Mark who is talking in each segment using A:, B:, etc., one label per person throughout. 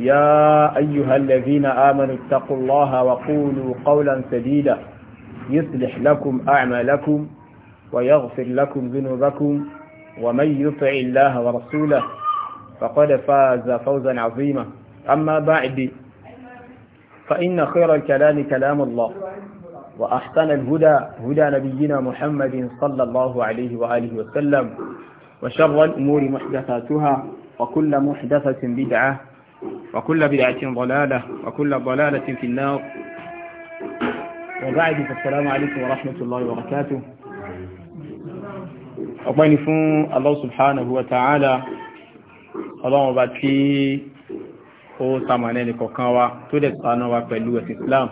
A: يا أيها الذين آمنوا اتقوا الله وقولوا قولا سديدا يصلح لكم أعمالكم ويغفر لكم ذنوبكم ومن يطع الله ورسوله فقد فاز فوزا عظيما أما بعد فإن خير الكلام كلام الله وأحسن الهدى هدى نبينا محمد صلى الله عليه وآله وسلم وشر الأمور محدثاتها وكل محدثة بدعة وكل بدعة ضلالة وكل ضلالة في النار وبعد فالسلام عليكم ورحمة الله وبركاته ọ̀pẹ́ni fún Allah subhanahu wa ta'ala ọlọ́run bá tí ó sàmànẹ́ nìkọ̀kan wa tó dẹ̀ sànà wa pẹ̀lú ẹ̀sìn Islam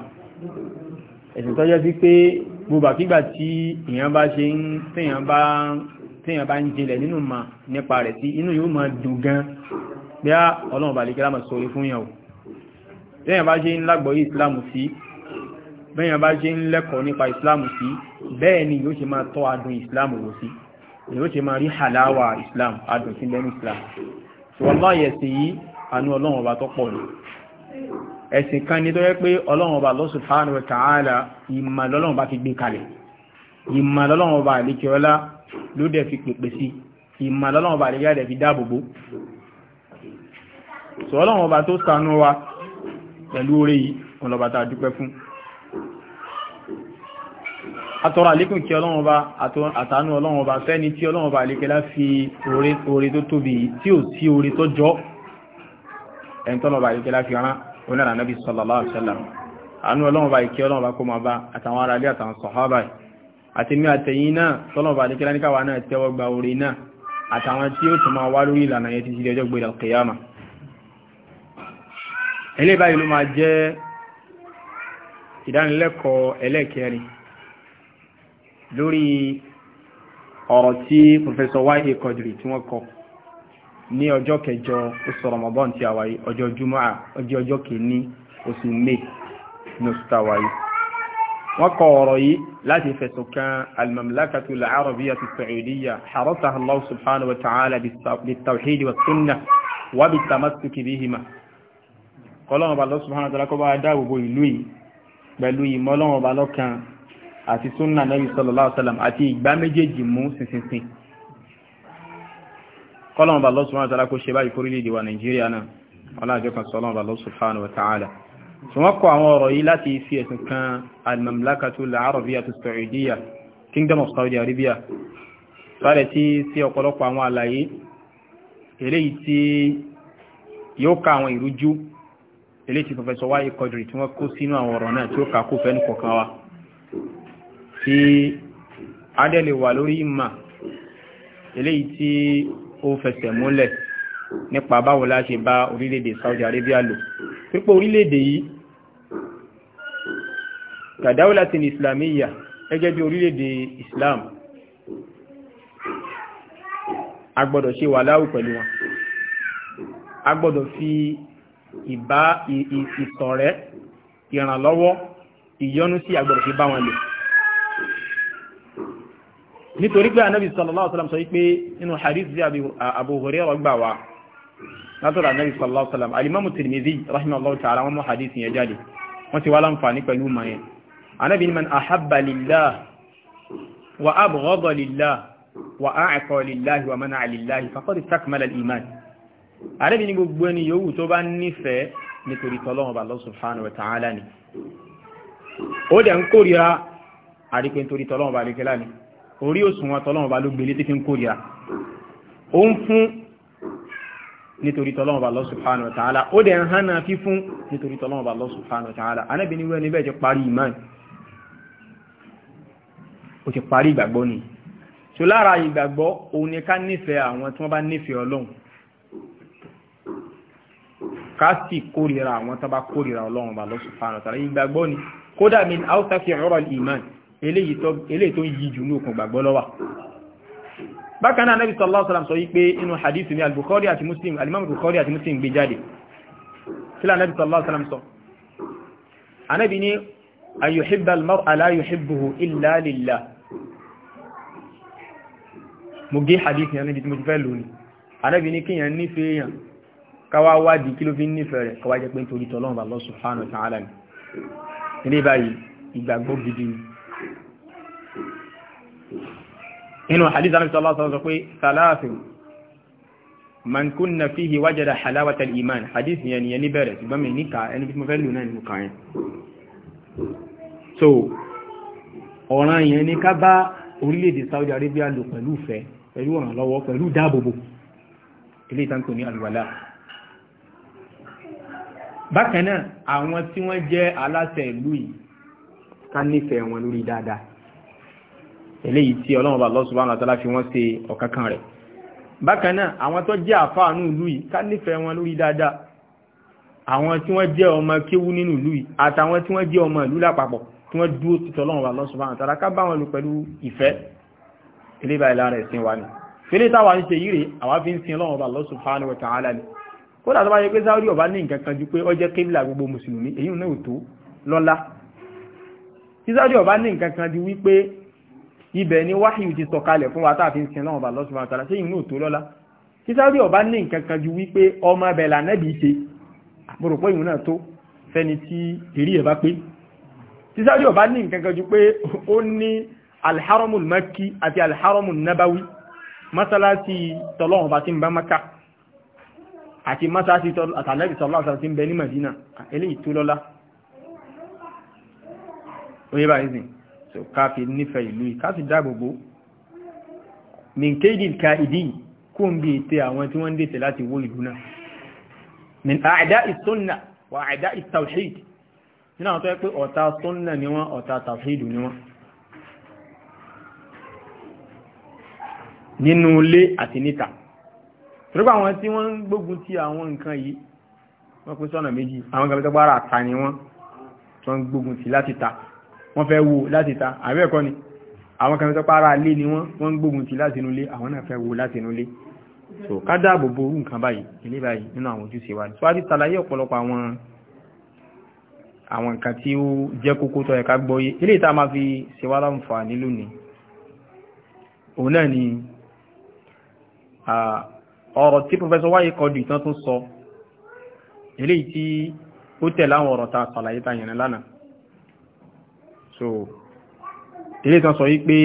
A: ẹ̀sìn tó jẹ́ sí pé gbogbo àkígbà tí èyàn bá ṣe ń tíyàn bá ń jinlẹ̀ nínú ma nípa rẹ̀ sí inú yóò máa dùn gan pé á ah, ọlọ́run bàlẹ̀ kí lámà sọ̀rọ̀ fún yàn o bẹ́yàn bá ṣe ń lágbọ̀ọ́yé ìsìláàmù sí bẹ́yàn bá ṣe ń lẹ́kọ̀ọ́ nípa ìsìláàmù sí bẹ́ẹ̀ ni yóò ṣe máa tọ́ adùn ìsìláàmù wò sí yóò ṣe máa rí hàláwà ìsìláàmù adùn sí lẹ́nu ìsìláàmù ṣùgbọ́n láyẹ̀ sí yìí àánú ọlọ́run ọba tó pọ̀ ni ẹ̀sìn kan ni tó yẹ pé ọlọ́run ọba Allah subhanahu wa ta'ala ìmọ̀ lọ́lọ́run ọba fi gbé kalẹ̀ ìmọ̀ lọ́lọ́run ọba àlékè ọlá ló dẹ̀ fi pèpè sí ìmọ̀ lọ́lọ́run ọba àlékè ọlá dẹ̀ fi dáàbòbò sọ́lọ́wọ́n ọba tó ṣàánú wa pẹ̀lú orí yìí wọn lọ́ba tá a dúpẹ́ fún atọ́rọ àlékún kí ọlọ́wọ́n ọba àtàánú ọlọ́wọ́n ọba fẹ́ni tí ọlọ́wọ́n ọba àlékẹ́lá fi orí tó tóbi tí ò sí orí tó jọ ẹni tọ́lọ́ba sallallahu alaihi wasallam àánú ọlọ́wọ́n ọba ìkẹ́ ọlọ́wọ́n ọba kó máa bá àtàwọn ará ilé àtàwọn sọ̀hábà àti mí àtẹ̀yìn náà tọ́lọ́ba àlékẹ́lá ní káwa náà tẹ́wọ́ gba orí náà àtàwọn tí ó tún máa wá lórí ìlànà yẹn títí di ọjọ́ gbé al eléyìí báyìí ló máa jẹ́ ìdánilẹ́kọ̀ọ́ ẹlẹ́kẹrin lórí ọ̀rọ̀ tí Professor Y.A. Quadri tí wọ́n kọ ní ọjọ́ kẹjọ oṣù Ramadan tí a wáyé ọjọ́ Jumaa ọjọ́ ọjọ́ kìíní oṣù May ní oṣù tá a wáyé wọ́n kọ ọ̀rọ̀ yìí láti fẹ̀sùn kan al-Mamlakatu al-Arabiyyatu as Allah subhanahu wa ta'ala bit-tawhid wa sunnah wa bit-tamassuki bihima kọlọ́wọ́n bá subhanahu wa ta'ala kó bá dá gbogbo ìlú yìí pẹ̀lú ìmọ̀ Ọlọ́run bá lọ́kan àti súnà Nabi sallallahu alaihi wasallam àti ìgbà méjèèjì mú sísinsin kọlọ́wọ́n bá subhanahu wa ta'ala kó ṣe báyìí kórílẹ̀-èdè wa Nàìjíríà náà ọlọ́jọ́ kan sọlọ́wọ́n bá subhanahu wa ta'ala tí wọ́n kọ àwọn ọ̀rọ̀ yìí láti fi ẹ̀sùn kan al-Mamlakatul Arabiyyatu Saudiya Kingdom of Saudi Arabia sáré tí sí ọ̀pọ̀lọpọ̀ àwọn àlàyé eléyìí tí yóò ka àwọn ìrújú eléyìí professor wáyé kọdìrì tí wọ́n kó sínú àwọn ọ̀rọ̀ náà tí ó kà kó fẹ́nu kọ̀ọ̀kan wa tí adẹ́lẹ̀ wà lórí ìmà eléyìí tí ó fẹsẹ̀ múlẹ̀ nípa báwo la bá orílẹ̀-èdè Saudi Arabia lò pípọ̀ orílẹ̀-èdè yìí kàdáwùlátìn islamiyya gẹ́gẹ́ bí orílẹ̀-èdè Islam a gbọ́dọ̀ ṣe wà láwù pẹ̀lú wọn a gbọ́dọ̀ fi ìbá ìsọ̀rẹ́ ìrànlọ́wọ́ ìyọnú sí agbọ̀rọ̀ sí bá wọn lè nítorí pé anábì sallallahu alaihi wasallam sọ wípé nínú hadith sí Abu Hurairah ọgbà wa látọ̀rọ̀ anábì sallallahu alaihi wasallam alimamu Tirmidhi rahimahullahu ta'ala wọn mú hadith yẹn jáde wọ́n ti wá láǹfààní pẹ̀lú mọ̀ yẹn anábì ni man ahabba lillah wa abghada lillah wa a'ta lillah wa mana'a lillah faqad istakmala al-iman àrẹ́bì ní gbogbo ẹni yòówù tó bá nífẹ̀ẹ́ nítorí tọ́lọ́run ọba Allah ta'ala ni ó dẹ̀ ń nítorí ni orí òṣùwọ̀n tọ́lọ́run ọba ló gbélé tí ń kórìíra ó ń fún nítorí tọ́lọ́run ta'ala ó dẹ̀ ń hánà fífún nítorí tọ́lọ́run ọba Allah subhanahu wa ta'ala ká sì kórìíra àwọn tó bá kórìíra ọlọ́run bá lọ́sùn fáànà tàbí ìgbàgbọ́ ni kódà min áùsáfì ọ̀rọ̀ ìmán eléyìí tó yí jù ní òkun gbàgbọ́ lọ́wà bákan náà nabi sallallahu alaihi wasallam sọ wípé inú hadith ni al-bukhari àti muslim al-imam bukhari àti muslim gbé jáde sílá nabi sallallahu alaihi wasallam sọ anabi ni ayuhibba al-mar'a la yuhibbuhu illa lillah mo gé hadith yẹn níbi tí mo ti fẹ́ lónìí anabi ni kíyàn nífẹ̀ẹ́ yàn káwá wádìí kí ló fi ń nífẹ̀ẹ́ rẹ̀ káwá jẹ́ pé nítorí tọ́lọ́run Allah subhanahu wa ta'ala ni ilé báyìí ìgbàgbọ́ gidi ni inú hadith anábi sọ́lá sọ pé salafi man kunna fihi wajada halawata al-iman hadith yẹn ni ẹni bẹ̀rẹ̀ ṣùgbọ́n mi níka ẹni bí mo fẹ́ lù náà ni mo kàn yẹn so ọ̀ràn yẹn ni ká bá orílẹ̀-èdè Saudi Arabia lò pẹ̀lú ìfẹ́ pẹ̀lú ọ̀ràn lọ́wọ́ pẹ̀lú dáàbòbò ilé ìtànkò ní alùwàlá bákan náà àwọn tí wọ́n jẹ́ aláṣẹ ìlú yìí ká nífẹ̀ẹ́ wọn lórí dáadáa eléyìí tí ọlọ́run bá Allah subhanahu wa ta'ala fi wọ́n ṣe ọ̀kákan rẹ̀ bákan náà àwọn tó jẹ́ àfáànú ìlú yìí ká nífẹ̀ẹ́ wọn lórí dáadáa àwọn tí wọ́n jẹ́ ọmọ kéwú nínú ìlú yìí àtàwọn tí wọ́n jẹ́ ọmọ ìlú lápapọ̀ tí wọ́n dúró títọ́ ọlọ́run bá Allah subhanahu wa ta'ala ká bá wọn lò pẹ̀lú ìfẹ́ eléyìí báyìí lára ẹ̀sìn wa ni fẹ́lẹ́ táwa ń ṣe yìí rèé àwa fi ń sin ọlọ́run bá Allah subhanahu wa ta'ala ni kódà tó bá yẹ pé sáúdì ọba ní nǹkan kan ju pé ó kébìlà gbogbo mùsùlùmí èyí ò náà ò tí sáúdì ọba ní nǹkan kan ju wípé ibẹ̀ ni wáhíù ti sọ̀kalẹ̀ fún wa tá a fi ń sin lọ́wọ́ bá lọ́sùn máa tara ìhun náà tó lọ́lá tí sáúdì ọba ní nǹkan kan ju wípé ọmọ ẹbẹ̀ lànàbì ṣe mo rò pé ìhun náà tó fẹ́ni tí èrí ẹ̀ bá pé tí sáúdì ọba ní nǹkan kan ju pé ó ní alḥaramul makki àti alḥaramul nabawi mọ́sálásí tọ́lọ́wọ́n bá ti ń bá maka àti mọ́sáàsì àtàlẹ́bì sọ́lá ọ̀sán ti ń bẹ ní Mẹ̀dínà eléyìí tó lọ́lá oye bá ìsìn so káàfi nífẹ̀ẹ́ ìlú káàfi dáàbòbò min kéjì ka ìdí kó ń bí ètè àwọn tí wọ́n ń dètè láti wó ìlú náà min àdá ìsúnnà torípa àwọn tí wọ́n ń gbógun ti àwọn nǹkan yìí wọ́n pín sọ́nà méjì àwọn kan tọ́gbára àta ni wọ́n tó ń gbógun ti láti ta wọ́n fẹ́ wo láti ta àbí ẹ̀kọ́ ni àwọn kan tọ́gbára alé ni wọ́n wọ́n ń gbógun ti láti inú ilé àwọn náà fẹ́ wo láti inú ilé so ká dáàbò bo orú nǹkan báyìí ilé báyìí nínú àwọn ojúṣe wa so a ti ọ̀pọ̀lọpọ̀ àwọn àwọn nǹkan tí ó jẹ́ kókó tó yẹ ká gbọ́yé ilé ìta máa fi ṣe wá láǹfààní lónìí òun náà ni ọ̀rọ̀ tí Professor wáyé kọdù ìtàn tún sọ eléyìí tí ó tẹ̀lé àwọn ọ̀rọ̀ ta àtàlàyé ta yẹn lánàá so eléyìí tán sọ yí pé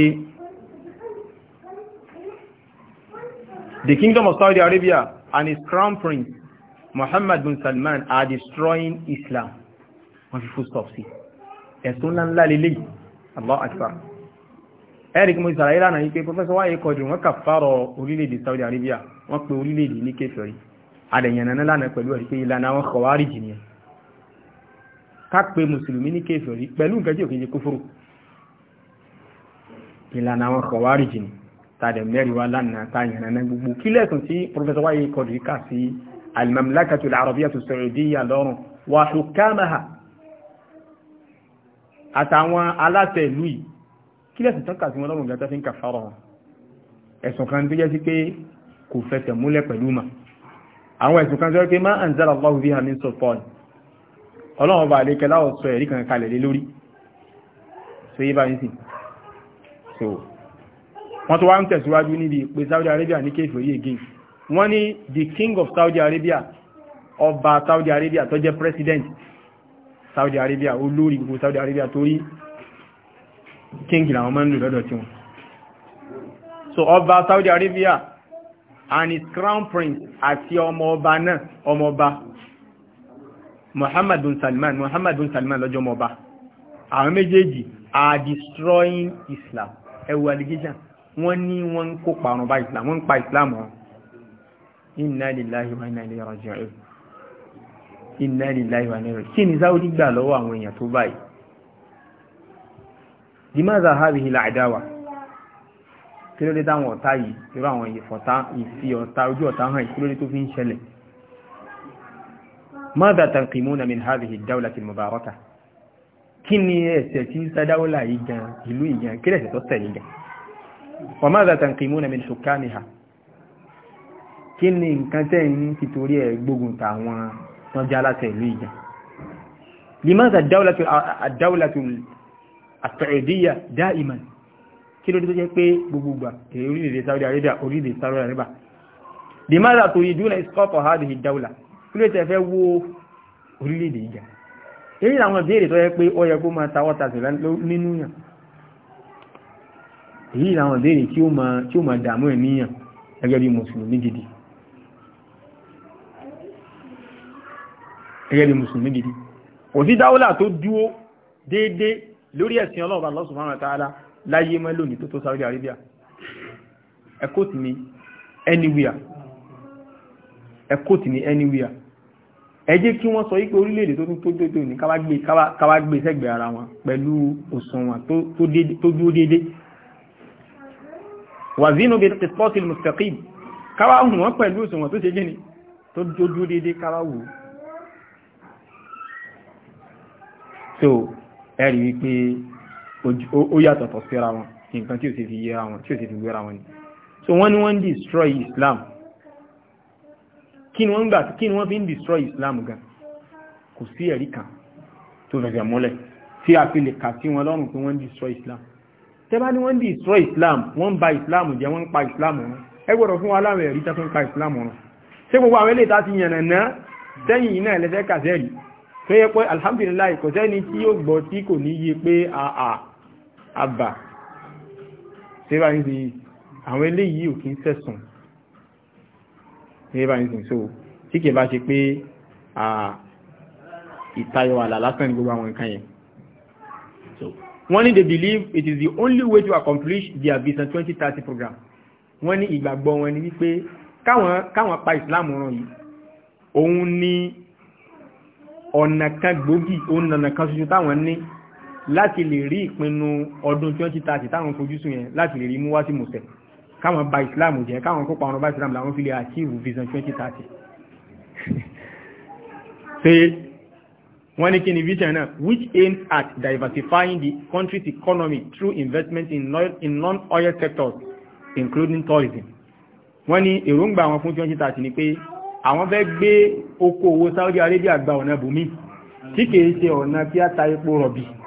A: the kingdom of Saudi Arabia and its crown prince Mohammed bin Salman are destroying Islam wọ́n fi full stop sí ẹ̀sùn ńláńlá lélẹ́yìí Allah akbar eric mo ìsàlàyé lánàá yí pé Professor wáyé kọdù wọn kà fárọ orílẹ̀-èdè Saudi Arabia wọ́n pe orílẹ̀-èdè ní kèfèrí àdẹ̀yànnà náà lánàá pẹ̀lú ẹ̀rí pé ìlànà àwọn kọ̀wárìjì nìyẹn ká pe mùsùlùmí ní kèfèrí pẹ̀lú nǹkan tí òkèjì kúfúrù ìlànà àwọn kọ̀wárìjì ni tàdẹ̀ mẹ́rin wa lánàá tàyànnà náà gbogbo kí lẹ́sùn tí pọfẹsọ wáyé kọ̀dù kà sí al-mamlakatu al-arabiyyatu as-saudiyya lọ́rùn wa hukamaha àtàwọn aláṣẹ ìlú yìí kí lẹ́sùn tán kà sí wọn lọ́rùn gàtà fi ń kà fárọ̀ ẹ̀sùn kan tó jẹ́ sí pé kò fẹsẹ̀ múlẹ̀ pẹ̀lú mà àwọn ẹ̀sùn kan sọ pé má anzala Allahu biha min sultan ọlọ́run ọba àlékẹ́ láwọ̀ sọ ẹ̀rí kan kalẹ̀ lé lórí so yé bá ń sìn so wọ́n tó wá ń tẹ̀síwájú níbi pé Saudi Arabia ní kéfèrí again wọ́n ní the king of Saudi Arabia ọba Saudi Arabia tó jẹ́ president Saudi Arabia olórí gbogbo Saudi Arabia torí king làwọn máa ń lò lọ́dọ̀ tí wọn so ọba Saudi Arabia and his crown prince àti ọmọọba náà ọmọọba Muhammad bin Salman Muhammad bin Salman lọ́jọ́ ọmọọba àwọn méjèèjì are destroying Islam ẹwù allegation wọ́n ní wọ́n ń kó parun bá Islam wọ́n ń pa Islam wọn inna lillahi wa inna ilayhi raji'un inna lillahi wa inna ilayhi raji'un kí ni Saudi gbà lọ́wọ́ àwọn èèyàn tó báyìí limaza hadhihi al-adawa kí ló dé táwọn ọ̀tá yìí irú àwọn ìfọ̀tá ìfi ọ̀tá ojú ọ̀tá hàn kí tó fi ń ṣẹlẹ̀ ماذا تنقمون من هذه الدولة المباركة kí ni ẹ̀ṣẹ̀ tí sádáwọ́lá yìí gan ìlú ìyàn kí gan وماذا تنقمون من حكامها kí ni nǹkan tẹ́ ń ti torí لماذا الدولة الدولة السعودية دائما kí ló dé tó jẹ́ pé gbogbogbà orílẹ̀-èdè Saudi Arabia orílẹ̀-èdè Saudi Arabia di mara tó yí dúnà ìsọ́pọ̀ hádì ìdáwùlà kí ló tẹ́fẹ́ wó orílẹ̀-èdè ìjà èyí àwọn ìbéèrè tó yẹ pé ó yẹ kó máa tawọ́ ta sílẹ̀ nínú yàn èyí àwọn ìbéèrè tí ó máa dààmú ẹ̀ níyàn gẹ́gẹ́ bí mùsùlùmí gidi gẹ́gẹ́ bí mùsùlùmí gidi òsì dáwùlà tó dúó déédéé lórí ẹ̀sìn Ọlọ́run Allah subhanahu láyé mọ́ lónìí tó tó Saudi Arabia ẹkọ́tì ní anywhere ẹkọ́tì ní anywhere ẹ jẹ́ kí wọ́n sọ wípé orílẹ̀-èdè tó tún tó dédé òní káwá gbé sẹ́gbẹ̀ ara wọn pẹ̀lú òṣùwọ̀n tó dúró dédé wazinu bil qisṭaṭi al-mustaqīm káwá hùn wọ́n pẹ̀lú òṣùwọ̀n tó ṣe jẹ́ ni tó dúró dédé káwá wò so ẹ̀rí wípé ó yàtọ̀tọ̀ síra wọn nǹkan tí ò sì fi yẹra wọn tí ò sì fi wéra wọn ni so wọ́n ní wọ́n ń destroy Islam kí ni wọ́n gbà kí ni wọ́n fi ń destroy Islam gan kò sí ẹ̀rí kan tó fẹ̀fẹ̀ múlẹ̀ tí a fi lè kà sí wọn lọ́rùn pé wọ́n ń destroy Islam tẹ́bá ni wọ́n ń destroy Islam wọ́n ń ba Islam jẹ́ wọ́n ń pa Islam run ẹ gbọ́dọ̀ fún wa láwọn ẹ̀rí tó fi pa Islam run ṣé gbogbo àwọn eléyìí tá a ti yànnà náà sẹ́yìn iná ẹlẹ́sẹ̀ kàṣẹ́rì tó yẹ pé alhamdulilayi kò sẹ́ni tí yóò gbọ́ tí kò ní yé pé àà àbà síbà ní ti àwọn eléyìí ò kí ń sẹ̀sùn síbà ní ti so tí kìí bá ṣe pé ìtayọ àlà lásán ní gbogbo àwọn nǹkan yẹn wọ́n ní they believe it is the only way to accomplish their vision 2030 program wọ́n ní ìgbàgbọ́ wọn ni wípé káwọn káwọn pa Islam ràn yìí òun ni ọ̀nà kan gbòógì òun ọ̀nà kan ṣoṣo táwọn ní láti lè rí ìpinnu ọdún 2030 táwọn fojú yẹn láti lè rí mú wá sí mùsẹ̀ káwọn ba islam jẹ́ káwọn kópa ọ̀rọ̀ bá islam làwọn fi lè achieve vision 2030 ṣe wọ́n ní kí ni vision náà which aims at diversifying the country's economy through investment in, in non-oil sectors including tourism wọ́n ní èròǹgbà àwọn fún 2030 ni pé àwọn fẹ́ gbé oko Saudi Arabia gba ọ̀nà bùnmí tí kìí ṣe ọ̀nà kí á ta epo rọ̀bì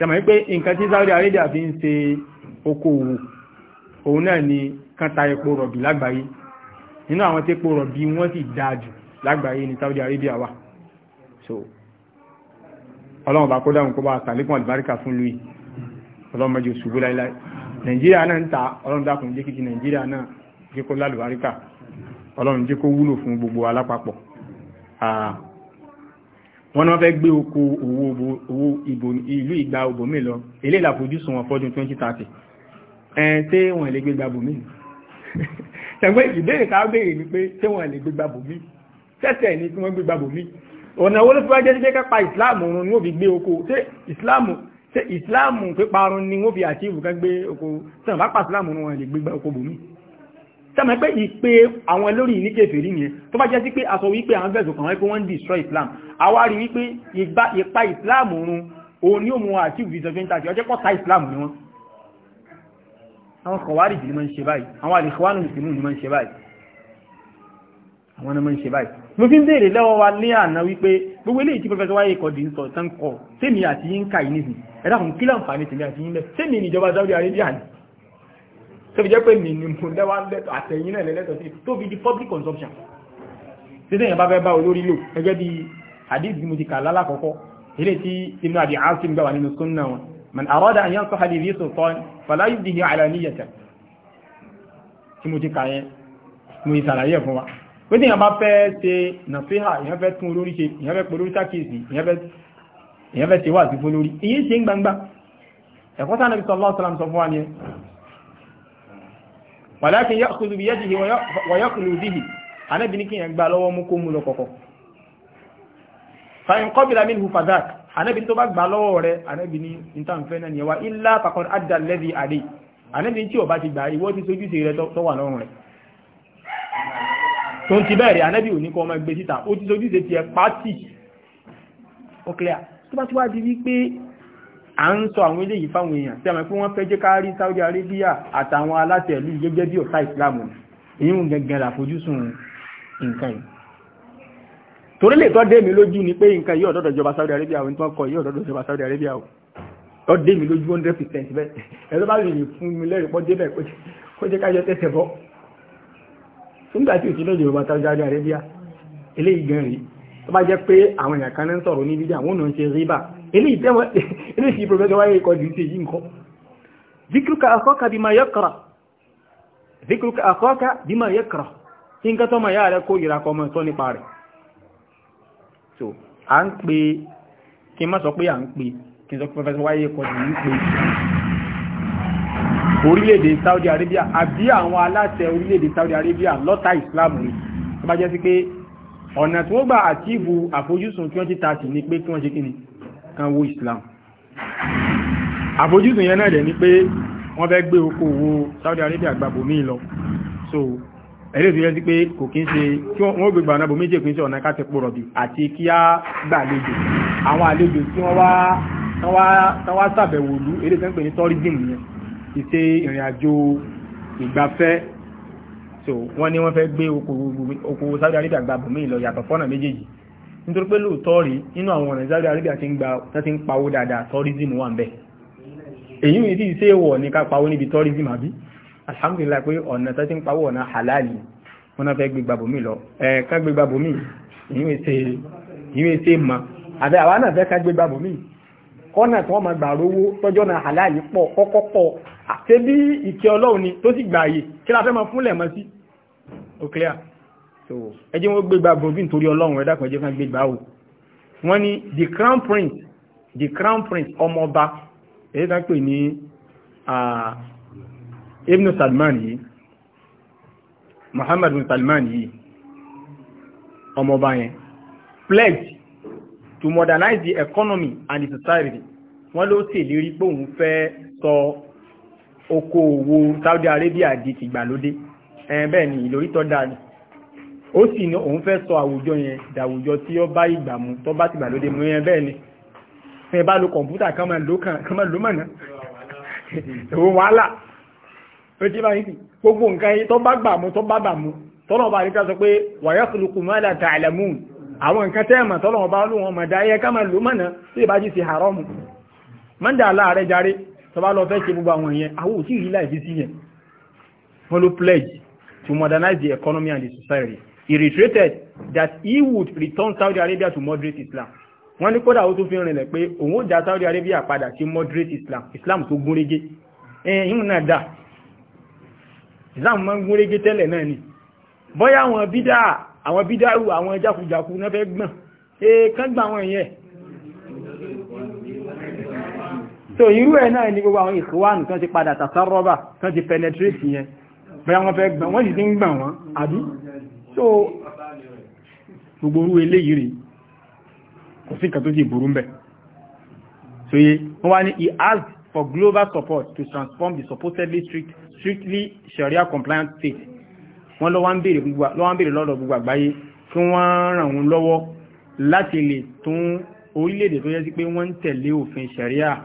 A: sẹmọ̀ wípé nǹkan tí Saudi Arabia fi ń ṣe okòwò òun náà ni kan ta epo rọ̀bì lágbàáyé nínú àwọn tí epo rọ̀bì wọ́n sì dáa lágbàáyé ní Saudi Arabia wà so ọlọ́run bá kó dáhùn kó bá tàlékùn àlùbáríkà fún louis ọlọ́run mẹ́jọ ṣubú láíláí nàìjíríà náà ń ta ọlọ́run dákùn jẹ́ kìkì nàìjíríà náà jẹ́ kó lálùbáríkà ọlọ́run jẹ́ wúlò fún gbogbo alápapọ̀ wọ́n náà fẹ́ gbé oko owó ìlú ìgbà òbòmí lọ ilé ìlàfojúsùn wọn fọ́dún 2030 ẹn tí wọ́n lè gbégbá bòmí ṣẹ̀gbẹ́ ìbéèrè ká béèrè ní pé tí wọ́n lè gbégbá bòmí tẹ́tẹ̀ ní kí wọ́n gbégbá bòmí ọ̀nà owó ló fi wájẹ́ síké kápá ìsìláàmù run ni wọ́n fi gbé oko tí ìsìláàmù tí ìsìláàmù píparun ni wọ́n fi àtìwù kan gbé oko tí wọ́n bá pàṣíláàmù run wọn lè gbégbá oko bòmí sẹ́mọ̀ pé ìpé àwọn ẹlórí ní kèfèrí yẹn tó bá jẹ́ sí pé a sọ wípé àwọn fẹ̀sùn kàn wọ́n ń destroy Islam àwa rí wípé ipa Islam run òun ni ó mú àti ìwìsọ̀ fi ń tàṣí ọjọ́ pọ̀ ta Islam ni wọ́n àwọn kọ̀wárì jì ní máa ṣe báyìí ni máa ni máa ń ṣe báyìí mo fi ń béèrè lọ́wọ́ wa ní àná wípé gbogbo eléyìí tí pẹfẹ tó wáyé ìkọ̀dì ń sọ tán kọ sẹ́mi àti yín ká yìí nìsín ẹ̀dá kan kí tèmi àti yín lẹ̀ sẹ́mi ìjọba Saudi Arabia ni tó fi jẹ́ pé mi ni mo lẹ́wà lẹ́tọ̀ àtẹ̀yìn náà lẹ́tọ̀ sí tó fi di public consumption tí lẹ́yìn bá fẹ́ bá olórí lò gẹ́gẹ́ bí hadith bí mo ti kà lálàkọ́kọ́ ilé tí inú àbí asim gbà wà nínú sunna wọn man arada an yan sahadi bi sultan fala yubdihi ala niyyata tí mo ti kà yẹn mo ìsàlàyé fún wa pé tí bá fẹ́ ṣe nàfíhà èèyàn fẹ́ tún olórí ṣe èèyàn fẹ́ polórí sákèsì èèyàn fẹ́ ṣe wà sí fún olórí èyí ṣe ń gbangba ẹ̀kọ́ sáà nàbí sọ walakin ya'khudhu bi yadihi wa yaqulu bihi anábì ní kí yẹn gbà lọ́wọ́ mú kó mú lọ kọ̀kọ̀ fa in qabila minhu fadhak anábì tó bá gbà lọ́wọ́ rẹ̀ anábì ní níta nfẹ́ náà yẹwa illa faqad adda alladhi àdé anábì tí ò bá ti gbà ìwọ ti sojú sí rẹ tó wà lọ́rùn rẹ̀ tó ń ti bẹ́ẹ̀rẹ̀ anábì ò ní kọ́ ọmọ ẹgbẹ́ síta ó ti sojú sí tiẹ̀ pátì ó clear tó bá ti wá di wípé à ń sọ àwọn eléyìí fáwọn èèyàn tí a mọ̀ wọ́n fẹ́ jẹ́ ká Saudi Arabia àtàwọn aláṣẹ ìlú gẹ́gẹ́ bí ọ̀tá ìsìlámù ìyún gẹ̀gẹ̀ làfojúsùn nǹkan yìí torí lè tọ́ lójú ni pé nǹkan yóò dọ́dọ̀ jọba Saudi Arabia àwọn tó ń kọ yóò dọ́dọ̀ jọba Saudi Arabia o tọ́ dé mi lójú 100% bẹ́ẹ̀ ẹ̀ tó bá lè fún mi lẹ́rìí pọ́ débẹ̀ Saudi Arabia eléyìí gan rí tó bá jẹ́ pé àwọn èèyàn eléyìí tẹ́wọ́n eléyìí pọ̀fẹ́sọ̀ wáyé ikọ̀ jù sí èyí nǹkan zikruka akọ́ka bí ma yẹ́kọ̀rọ̀ zikruka akọ́ka bí ma yẹ́kọ̀rọ̀ tí n kẹ́tọ́ ma yá rẹ̀ kó ìrakọ ọmọ ìtọ́ nípa rẹ̀ so a ń pe kí n má sọ pé à ń pe kí n sọ pọ̀fẹ́sọ̀ wáyé ikọ̀ jù ń pe orílẹ̀-èdè Saudi Arabia àbí àwọn aláṣẹ orílẹ̀-èdè Saudi Arabia lọ́tà Islam ni tó bá jẹ́ sí pé ọ̀nà tí wọ́n gbà àtìbù àfojúsùn 2030 ni pé kí wọ́n ṣe kí ni kan wó islam àfojúsùn yẹn náà dẹ̀ ni pé wọ́n fẹ́ gbé oko owó Saudi Arabia gbàbò míì lọ so ẹ̀rẹ́ tó yẹ sí pé kò kí ń ṣe tí wọ́n gbé gbàgbà bò méjì kì í ṣe ọ̀nà ká ti pò rọ̀bì àti kí á gbàlejò àwọn àlejò tí wọ́n wá tán sàbẹ̀wò ìlú eré tó ní tourism yẹn ìṣe ìrìn àjò ìgbafẹ́ so wọ́n ní wọ́n fẹ́ gbé oko owó Saudi Arabia gbàbò míì lọ yàtọ̀ fọ́nà méjèèjì nítorí pé lóòótọ́ rí nínú àwọn ọ̀nà ìzárí arábíà tí ń gba tí ń pawó dáadáa tourism wà ń bẹ̀ èyí mi sì ṣe wọ̀ ní ká pawó níbi tourism àbí alhamdulillah pé ọ̀nà tó ti ń pawó ọ̀nà halali wọn náà fẹ́ gbégbá bòmí lọ ẹ̀ẹ́ká gbégbá bòmí ìwé ṣe ma àbẹ́ àwa náà fẹ́ ká gbégbá bòmí kọ́nà tí wọ́n máa gbà rówó tọ́jọ́ náà halali pọ̀ kọ́kọ́ pọ̀ àti bí ìkẹ́ ọlọ́run ni tó sì gbààyè kí la fẹ́ máa fúnlẹ̀ mọ́ sí ó clear so ẹ jẹ́ wọ́n gbégbá bovin torí ọlọ́run ẹ̀dá kan ẹ jẹ́ kan gbégbá o wọ́n ní the crown prince the crown prince ọmọọba èyí tá pè ní ibn salman yìí muhammad ibn salman yìí ọmọọba yẹn pledge to modernize the economy and the society wọ́n ló ṣèlérí pé òun fẹ́ sọ okoòwò saudi arabia di tìgbàlódé ẹ̀ bẹ́ẹ̀ ni ìlórí tọ́ dáa ni ó sì ní òun fẹ́ sọ àwùjọ yẹn dàwùjọ tí ó bá ìgbà mu tó bá ti bà lóde mú yẹn bẹ́ẹ̀ ni fẹ́ bá lo kọ̀ǹpútà kan máa ló kan máa ló mọ̀nà èwo wàhálà ó ti bá yín sí gbogbo nǹkan yìí tó bá gbà mu tó bá bà mu tọ́lọ́ bá rí ká sọ pé wàyà kùlùkù má là tà àlàmù àwọn nǹkan tẹ́ mà tọ́lọ́ bá lò wọn mà dá yẹ ká máa ló mọ̀nà tó yẹ bá jí sí haramu má ń dà láàárẹ̀ járe tó bá lọ fẹ́ ṣe gbogbo àwọn yẹn àwọn òsì yìí láì yẹn wọ́n ló pledge to modernize the economy and the society He reiterated that he would return Saudi Arabia to moderate Islam. Wọ́n ní kódà ó tún fi rìnlẹ̀ pé òun ó dá Saudi Arabia padà sí moderate Islam, Islam tó gúnrégé. Ẹ̀yìn náà dà. Islam máa ń gúnrégé tẹ́lẹ̀ náà ni. Bọ́yá àwọn bídà, àwọn bídàrú, àwọn jákujàku náà fẹ́ gbọ̀n. Ee kán gbà àwọn ìyẹn. So irú ẹ̀ náà ni gbogbo àwọn ìsúwánù kan ti padà tàṣà rọ́bà, kan ti penetrate yẹn. Bọ́yá wọ́n fẹ́ gbọ̀n, wọ́n sì ti ń gbọ̀n wọn, àbí? so gbogbo orú eléyìí rí kò sí nǹkan tó jì burú mbẹ̀ so yé wọ́n wá ní he asked for global support to transform the supposedly strict, strictly sharia compliant state wọ́n lọ́wọ́ ń béèrè lọ́dọ̀ gbogbo àgbáyé kí wọ́n ràn wọ́n lọ́wọ́ láti lè tún orílẹ̀-èdè tó yẹ sí pé wọ́n ń tẹ̀lé òfin sharia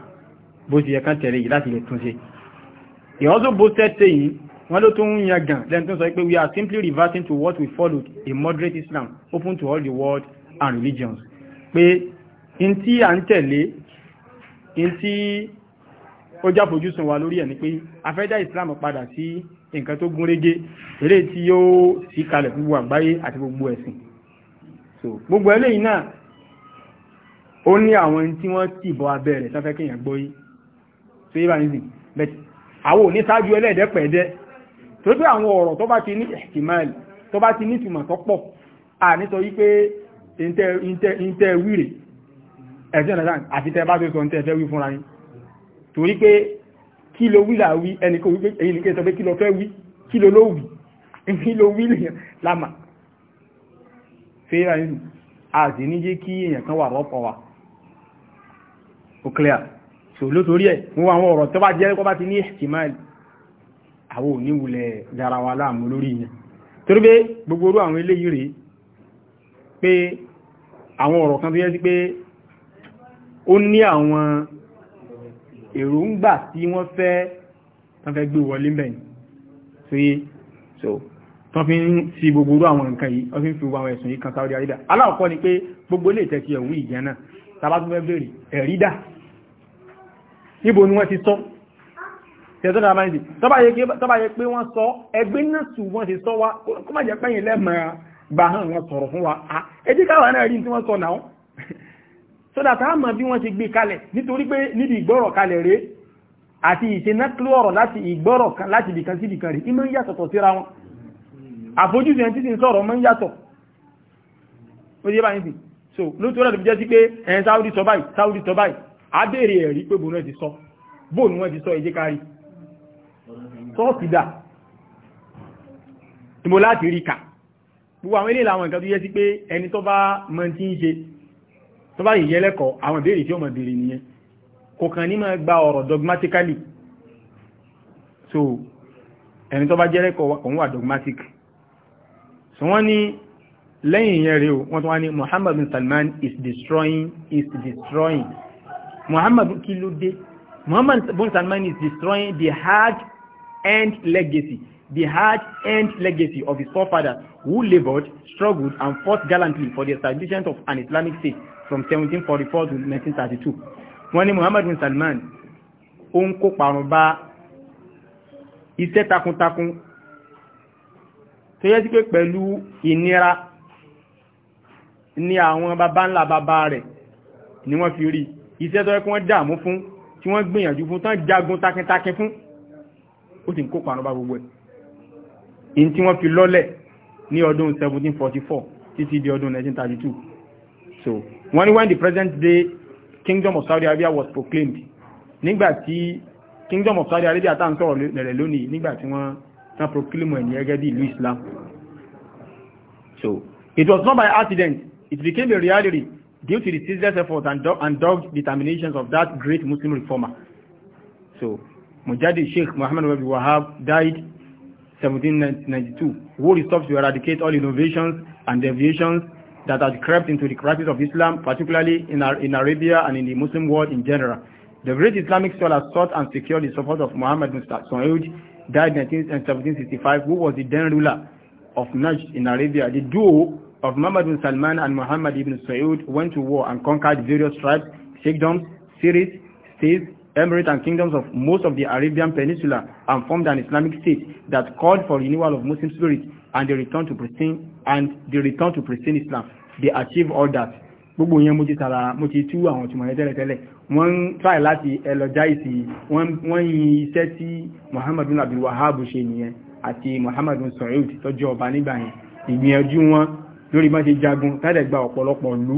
A: bó ti yẹ kán tẹ̀lé yìí láti lè tún ṣe he also boasted saying wọ́n ló tún yan gan lẹ́nu tó sọ pé we are simply reverting to what we followed a moderate Islam open to all the world and religions pé in tí à ń tẹ̀lé in tí ó jáfojúsùn wa lórí ẹ̀ ni pé afẹ́dá Islam padà sí nǹkan tó gún régé eré tí yóò sì kalẹ̀ gbogbo àgbáyé àti gbogbo ẹ̀sìn so gbogbo eléyìí náà ó ní àwọn tí wọ́n tì bọ́ abẹ́rẹ̀ sáfẹ́ kéèyàn gbóyé so yíba nìyí bẹ́ẹ̀ àwọn ò ní ṣáájú ẹlẹ́ẹ̀dẹ́pẹ̀ẹ́dẹ́ tó bí àwọn ọ̀rọ̀ tó bá ti ní ẹ̀kìmáìlì tó bá ti ní ìtumọ̀ tó pọ̀ à ní sọ wípé ìntẹ́ wíre ẹ̀sìn ọ̀nà sáà àti tẹ́ bá tó sọ ìntẹ́ wí fúnra yín torí pé kí ló wí làá wí ẹni kò wípé èyí nìkan sọ wa ó clear so lótorí ẹ̀ mú àwọn ọ̀rọ̀ àwọn oníwulẹ̀ dára wa láàmú lórí yẹn torí pé gbogbo orú àwọn eléyìí rèé pé àwọn ọ̀rọ̀ kan tó yẹ sí pé ó ní àwọn èròǹgbà tí wọ́n fẹ́ tán fẹ́ gbé wọlé mẹ́yìn sí so tán fi ń sí gbogbo orú àwọn nǹkan yìí wọ́n fi ń fi àwọn ẹ̀sùn yìí kan Saudi Arabia aláwọ̀kọ́ ni pé gbogbo ilé ìtẹ́kì ẹ̀wú ìjẹ́ náà tàbá bèèrè ẹ̀rídà níbo ni wọ́n ti sọ tẹ̀sán náà máa ń di tọ́bà yẹ pé wọ́n sọ ẹgbẹ́ náà sùn wọ́n ti sọ wa kó má jẹ́ pẹ́yìn lẹ́mọ̀ọ́ bá hàn wọn sọ̀rọ̀ fún wa ẹ jẹ́ náà rí tí wọ́n sọ náà sọ́dà tá a mọ̀ bí wọ́n ti gbé kalẹ̀ nítorí pé níbi ìgbọ́rọ̀ kalẹ̀ rèé àti ìṣẹ́náklú ọ̀rọ̀ láti ìgbọ́rọ̀ kan láti ibìkan sí ibìkan rí ìmọ̀ ń yàtọ̀tọ̀ síra wọn àfojúsùn ẹni títí ń sọ̀rọ̀ mọ́ ń yàtọ̀ ó yé báyìí so lóòótọ́ rẹ̀ jẹ́ sí pé ẹ̀yìn sáúdí sọ báyìí sáúdí sọ báyìí á béèrè ẹ̀rí pé bóun náà ti sọ bóun náà ti sọ èjé kárí sọ́ọ̀sì dà ìmò láti rí kà gbogbo àwọn ilé làwọn nǹkan tó yẹ sí pé ẹni tó bá mọ tí ń ṣe tó bá yìí yẹlẹ́kọ̀ọ́ àwọn ìbéèrè tí ó mọ̀ béèrè nìyẹn kò kàn ní máa gba ọ̀rọ̀ dogmatically so ẹni tó bá jẹ́lẹ́kọ̀ọ́ dogmatic so wọ́n ní lẹ́yìn ìyẹn rẹ̀ Muhammad bin Salman is destroying is destroying Muhammad kí ló Muhammad bin Salman is destroying the heart and legacy, the hard-earned legacy of his forefathers who labored, struggled, and fought gallantly for the establishment of an Islamic state from 1744 to 1932. Wọ́n ní Muhammad bin Salman, ó ń kó parun bá iṣẹ́ takuntakun tó yẹ sí pé pẹ̀lú ìnira ní àwọn bàbá ńlá bàbá rẹ̀ ni wọ́n fi rí iṣẹ́ tó yẹ kí wọ́n dààmú fún tí wọ́n gbìyànjú fún tán jagun takintakin fún ó sì ń kópa àrùn gbogbo ẹ̀ in tí wọ́n fi lọ́lẹ̀ ní ọdún 1744 títí di ọdún 1932 so wọ́n ní when the present day kingdom of Saudi Arabia was proclaimed nígbà kingdom of Saudi Arabia tá à ń sọ̀rọ̀ lẹ̀rẹ̀ lónìí nígbà tí wọ́n tán proclaim ẹ̀ ní gẹ́gẹ́ bí ìlú Islam so it was not by accident it became a reality due to the ceaseless efforts and, and dogged determinations of that great Muslim reformer so Mujahid Sheikh Muhammad Wabi Wahab died 1792. Who resolved to eradicate all innovations and deviations that had crept into the practice of Islam, particularly in, Ar in Arabia and in the Muslim world in general. The great Islamic scholar sought and secured the support of Muhammad Mustafa died in 1765, uh, who was the then ruler of Najd in Arabia. The duo of Muhammad bin Salman and Muhammad ibn Saud went to war and conquered various tribes, Sheikdoms, cities, states, Emirates and kingdoms of most of the Arabian Peninsula and formed an Islamic state that called for renewal of Muslim spirit and the return to pristine and the return to pristine Islam. They achieved all that. Gbogbo yẹn mo ti tara mo ti tú àwọn ìtumọ̀ yẹn tẹ́lẹ̀tẹ́lẹ̀. Wọ́n ń try láti elogize wọ́n yin iṣẹ́ tí Muhammad bin Abdul Wahab ṣe nìyẹn àti Muhammad bin Saud tọ́jú ọba nígbà yẹn. Ìgbìyànjú wọn lórí bá ti jagun tádẹ̀ gba ọ̀pọ̀lọpọ̀ ìlú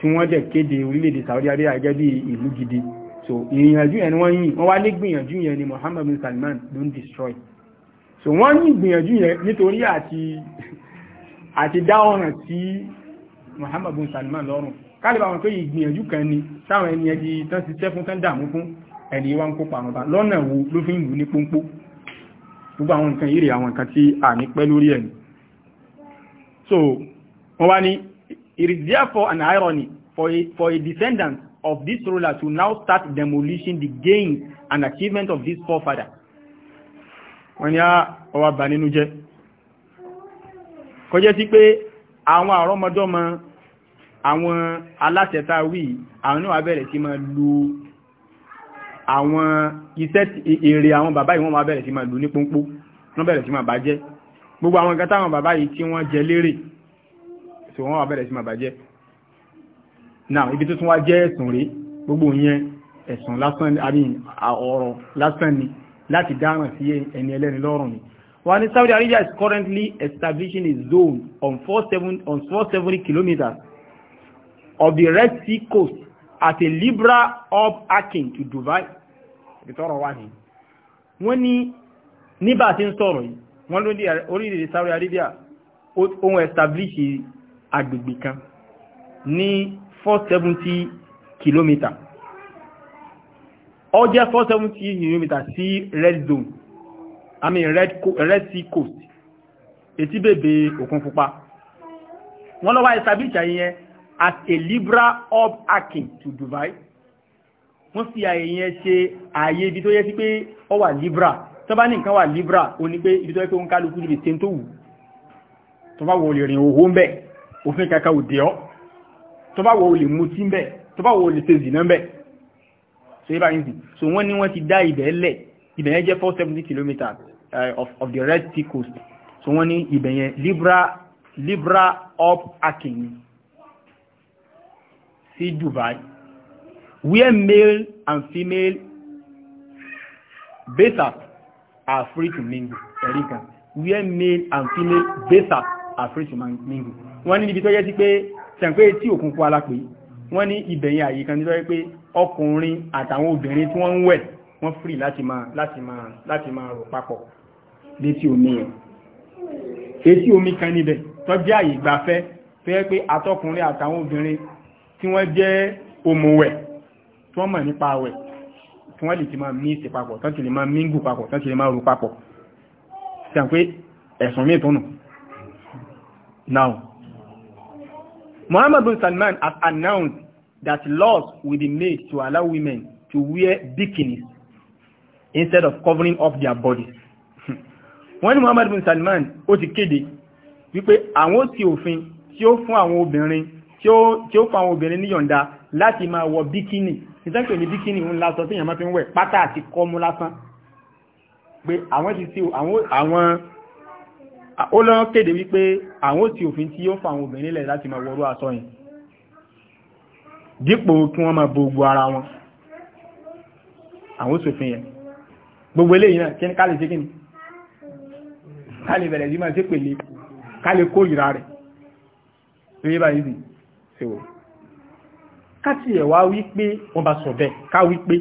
A: tí wọ́n dẹ̀ kéde orílẹ̀-èdè Saudi Arabia gẹ́gẹ́ bí ìlú gidi so ìyànjú yẹn ni wọ́n yìn wọ́n wá ní gbìyànjú yẹn ni Muhammad bin Salman ló destroy so wọ́n ní gbìyànjú yẹn nítorí àti àti dá ọ̀ràn sí Muhammad bin Salman lọ́rùn kálíbà wọn pé ìgbìyànjú kan ni táwọn ẹni ẹni tán ti ṣẹ́ fún tán dààmú fún ẹni wá ń kópa àwọn ọba lọ́nà wo ló fi ń lù ní pọ́npọ́ gbogbo àwọn nǹkan ìrè àwọn nǹkan tí a ní pẹ́ lórí ẹni so wọ́n wá ní it is therefore an irony for a, for a descendant of this ruler to now start demolishing the gains and achievement of this forefather wọ́n ni ọwà ah, bà nínú jẹ́ kọjẹ́ sí pé àwọn àrọ́mọdọ́mọ àwọn aláṣẹta wí àwọn náà bẹ̀rẹ̀ sí máa lu àwọn iṣẹ́ èrè àwọn bàbá yìí wọ́n máa bẹ̀rẹ̀ sí máa lu ní pọ́npọ́ wọ́n bẹ̀rẹ̀ sí máa bàjẹ́ gbogbo àwọn nǹkan táwọn bàbá yìí tí wọ́n jẹ lérè so wọ́n máa bẹ̀rẹ̀ sí máa bàjẹ́ náà ibi tó tún wá jẹ́ ẹ̀sùn rí gbogbo yẹn ẹ̀sùn lásán àrí ọ̀rọ̀ lásán ni láti dáràn sí ẹni ẹlẹ́ni lọ́rùn ni wọ́n ní Saudi Arabia is currently establishing a zone on 470 kilometers of the Red Sea coast at a liberal of akin to Dubai ìtọ́rọ̀ wá ní wọ́n ní nígbà tí ń sọ̀rọ̀ yìí wọ́n ló ní orílẹ̀-èdè Saudi Arabia ó establish agbègbè kan ní 470 kìlómítà ó jẹ́ 470 kìlómítà sí red zone i mean red, red sea coast etí bèbè òkun pupa wọ́n lọ́wọ́ establish àyè yẹn as a Libra of akin to Dubai wọ́n fi àyè yẹn ṣe àyè ibi tó yẹ sí pé ó wà liberal tó bá ní nǹkan wà liberal ó ní pé ibi tó yẹ pé ó ń kálukú níbi tí ó ń tó wù tó bá wọ rìn òhó ń òfin kankan ò dé ọ́ tó bá wọ mutí mbẹ tó bá wọ olè tezì náà mbẹ so ibà yìí so wọ́n ní wọ́n ti dá ibẹ̀ lẹ̀ ibẹ̀ yẹn jẹ́ four seventy kilometres eh, of of the Red Sea coast so wọ́n ní ibẹ̀ yẹn libra libra up akin sí Dubai where male and female bathers are free to mingle ẹ̀rí kan where male and female bathers are free to mingle wọ́n ní níbi tó yẹ sí pé tẹ̀pẹ́ tí òkun kú alápè wọ́n ní ibẹ̀yìn àyè kan nítorí pé ọkùnrin àtàwọn obìnrin tí wọ́n ń wẹ̀ wọ́n free láti máa láti máa láti máa rò papọ̀ létí omi yẹn etí omi kan níbẹ̀ tó jẹ́ àyè ìgbafẹ́ tó yẹ pé àtọkùnrin àtàwọn obìnrin tí wọ́n jẹ́ òmùwẹ̀ tí wọ́n mọ̀ nípa wẹ̀ tí wọ́n lè ti máa mí papọ̀ tán ti lè máa míngù papọ̀ tán ti lè máa rò papọ̀ sàn pé ẹ̀sùn mí tó nù now Muhammad bin Salman has announced that laws will be made to allow women to wear bikinis instead of covering up their bodies. When ní Muhammad bin Salman ó ti kéde wípé àwọn ó sì òfin tí ó fún àwọn obìnrin tí ó fún àwọn obìnrin níyọ̀ǹda láti máa wọ bikini ìtẹ́kẹ̀ẹ́ ní bikini ń lásán tí èèyàn máa fi ń wẹ̀ pátá àti kọ́mú lásán pé àwọn ti sí àwọn ó lọ́wọ́ kéde wípé àwọn òtí òfin tí yóò fa àwọn obìnrin lẹ̀ láti máa wọrú aṣọ yìí dípò kí wọ́n máa bo gbogbo ara wọn àwọn òṣòfin yẹn gbogbo eléyìí náà kí ní ká lè ṣe kíni ká lè bẹ̀rẹ̀ sí máa ṣe pèlè ká lè kó ìra rẹ̀ lórí báyìí sì ṣe wò ká tí ẹ̀ wá wípé wọ́n bá sọ bẹ́ẹ̀ ká wípé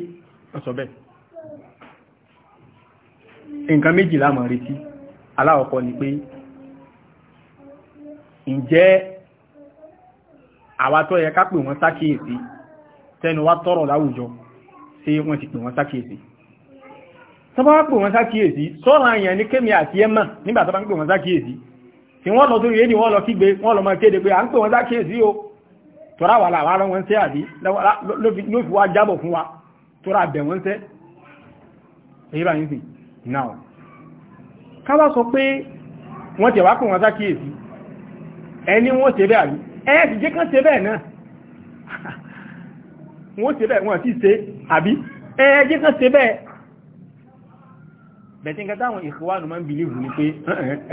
A: wọ́n sọ bẹ́ẹ̀ nǹkan méjì la retí aláwọ̀kọ́ ni pé ǹjẹ́ àwa tó yẹ ká pè wọ́n sákèèsí tẹnu wá tọ́rọ̀ láwùjọ ṣé wọ́n ti pè wọ́n sákèèsí tọ́bá wá pè wọ́n sákèèsí sọ́rọ̀ àyàn ní kémi àti ẹ̀mà nígbà tọ́bá ń pè wọ́n sákèèsí tí wọ́n lọ sórí rédíò wọ́n lọ kígbe wọ́n lọ máa kéde pé à ń pè wọ́n sákèèsí o tọ́ra wà láwa rán wọn sẹ́ àbí ló fi wá jábọ̀ fún wa tọ́ra bẹ̀ wọ́n sẹ́ èyí bá yín sìn náà káwà sọ pé wọ́n tẹ̀ wá kò wọ́n sákìyèsí ẹni wọ́n ṣe bẹ́ẹ̀ àbí ẹ̀ sì jẹ́ kán ṣe bẹ́ẹ̀ náà wọ́n ṣe bẹ́ẹ̀ wọ́n sì ṣe àbí ẹ̀ jẹ́ kán ṣe bẹ́ẹ̀ bẹ̀tí nǹkan táwọn ìkọwàánù máa ń bìlìvù ní pé